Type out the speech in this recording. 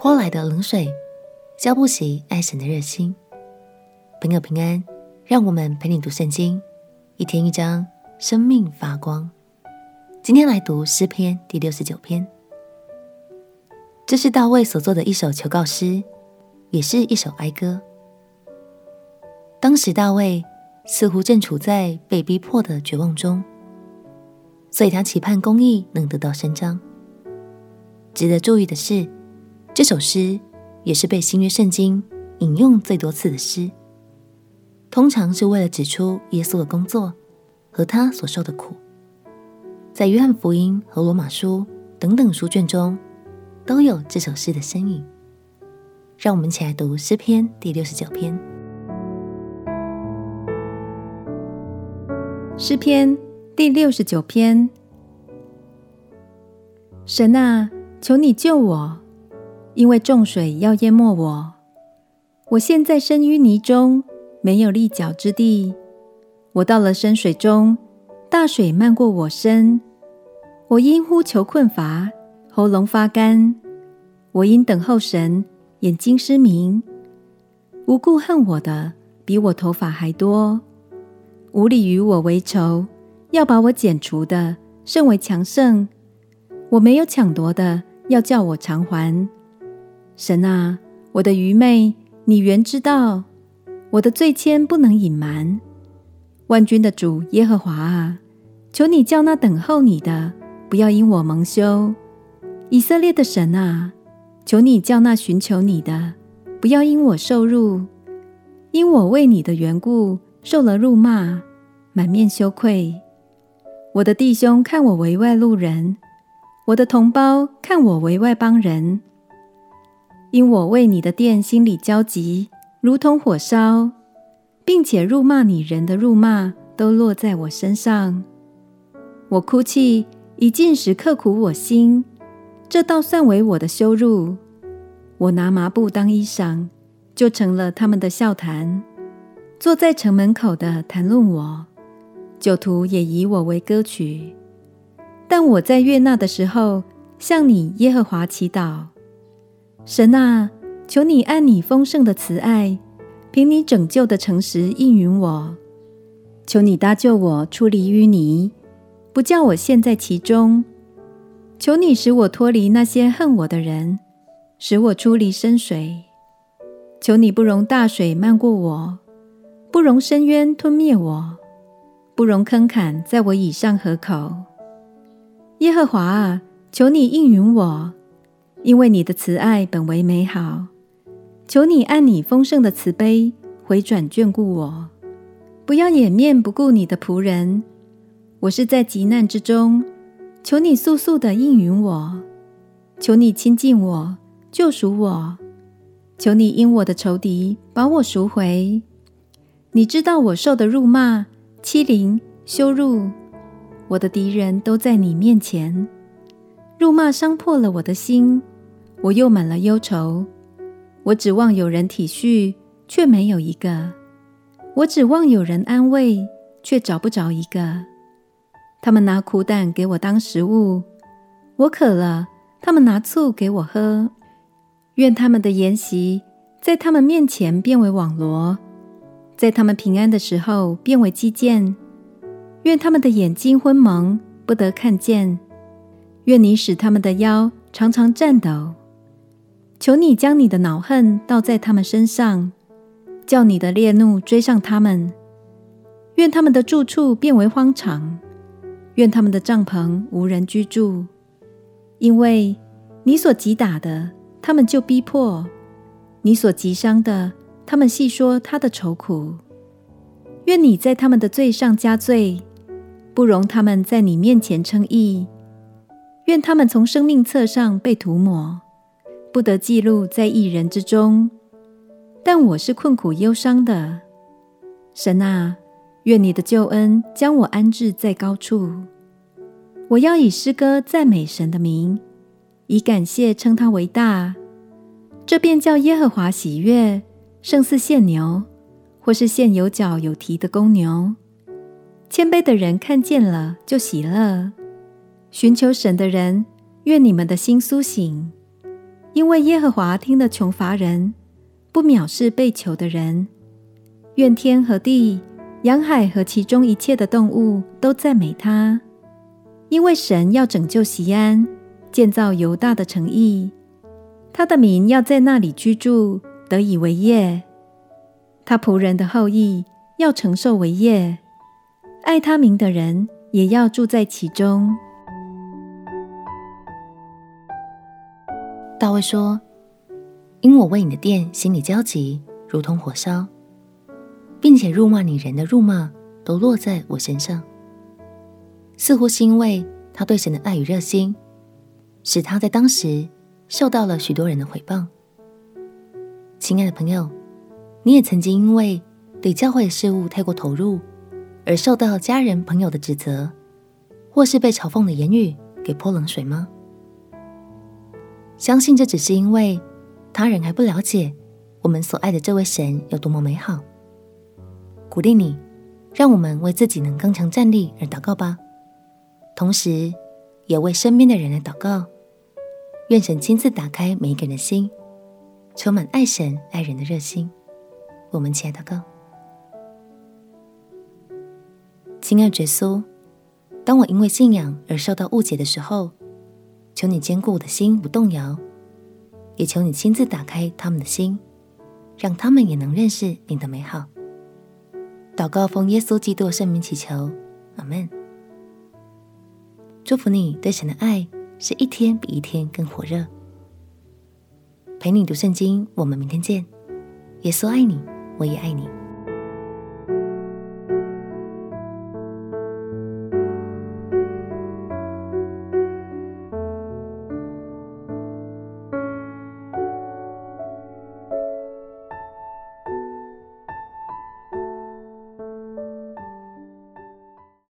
潑來的冷水澆不熄愛神的熱心。朋友平安，讓我們陪你讀聖經，一天一章，生命發光。今天來讀詩篇第六十九篇，這是大衛所作的一首求告詩，也是一首哀歌。當時大衛似乎正處在被逼迫的絕望中，所以他期盼公義能得到伸張。值得注意的是，這首詩也是被新約聖經引用最多次的詩，通常是為了指出耶穌的工作和他所受的苦。在約翰福音和羅馬書等等書卷中，都有這首詩的身影。讓我們一起來讀詩篇第六十九篇。詩篇第六十九篇，神啊，求你救我。因為眾水要淹沒我，我陷在深淤泥中，沒有立腳之地。我到了深水中，大水漫過我身。我因呼求困乏，喉嚨發乾。我因等候神，眼睛失明。無故恨我的，比我頭髮還多；無理與我為仇，要把我剪除的甚為強盛。我沒有搶奪的，要叫我償還。神啊，我的愚昧，你原知道；我的罪愆不能隱瞞。萬軍的主耶和華啊，求你叫那等候你的，不要因我蒙羞；以色列的神啊，求你叫那尋求你的，不要因我受辱。因我為你的緣故受了辱罵，滿面羞愧。我的弟兄看我為外路人，我的同胞看我為外邦人。因我為你的殿心裡焦急，如同火燒，並且辱罵你人的辱罵都落在我身上，我哭泣，以禁食刻苦我心，這倒算為我的羞辱。我拿麻布當衣裳，就成了他們的笑談。坐在城門口的談論我，酒徒也以我為歌曲。但我在悅納的時候，向你耶和華祈禱。神啊，求你按你豐盛的慈愛，憑你拯救的誠實應允我。求你搭救我出離淤泥，不叫我陷在其中。求你使我脫離那些恨我的人，使我出離深水。求你不容大水漫過我，不容深淵吞滅我，不容坑坎在我以上合口。耶和華啊，求你應允我。因為你的慈愛本為美好，求你按你豐盛的慈悲回轉眷顧我，不要掩面不顧你的僕人。我是在急難之中，求你速速地應允我，求你親近我，救贖我，求你因我的仇敵把我贖回。你知道我受的辱罵、欺凌、羞辱，我的敵人都在你面前。辱罵傷破了我的心，我又滿了憂愁。我指望有人體恤，卻沒有一個；我指望有人安慰，卻找不着一個。他們拿苦膽給我當食物，我渴了，他們拿醋給我喝。願他們的筵席，在他們面前變為網羅，在他們平安的時候變為機檻。願他們的眼睛昏蒙，不得看見。願你使他們的腰常常顫抖，求你將你的惱恨倒在他們身上，叫你的烈怒追上他們。願他們的住處變為荒場，願他們的帳篷無人居住。因為你所擊打的，他們就逼迫；你所擊傷的，他們細說他的愁苦。願你在他們的罪上加罪，不容他們在你面前稱義。願他們從生命冊上被塗抹，不得記錄在義人之中。但我是困苦憂傷的，神啊，願你的救恩將我安置在高處。我要以詩歌讚美神的名，以感謝稱他為大。這便叫耶和華喜悅，勝似獻牛，或是獻有角有蹄的公牛。謙卑的人看見了就喜樂。尋求神的人，願你們的心蘇醒，因為耶和華聽了窮乏人，不藐視被囚的人。願天和地、洋海和其中一切的動物都讚美他，因為神要拯救錫安，建造猶大的城邑，他的民要在那裡居住，得以為業；他僕人的後裔要承受為業，愛他名的人也要住在其中。大衛說：“因我為你的殿心裡焦急，如同火燒，並且辱罵你人的辱罵都落在我身上。”似乎是因為他對神的愛與熱心，使他在當時受到了許多人的回報。親愛的朋友，你也曾經因為對教會的事物太過投入，而受到家人朋友的指責，或是被嘲諷的言語給潑冷水嗎？相信這只是因為他人還不了解我們所愛的這位神有多麼美好。鼓勵你，讓我們為自己能剛強站立而禱告吧，同時也為身邊的人來禱告。願神親自打開每一個人的心，充滿愛神愛人的熱心。我們一起來禱告，親愛的耶穌，當我因為信仰而受到誤解的時候。求你堅固我的心，不動搖；也求你親自打開他們的心，讓他們也能認識你的美好。禱告奉耶穌基督的聖名祈求，阿門。祝福你對神的愛是一天比一天更火熱。陪你讀聖經，我們明天見。耶穌愛你，我也愛你。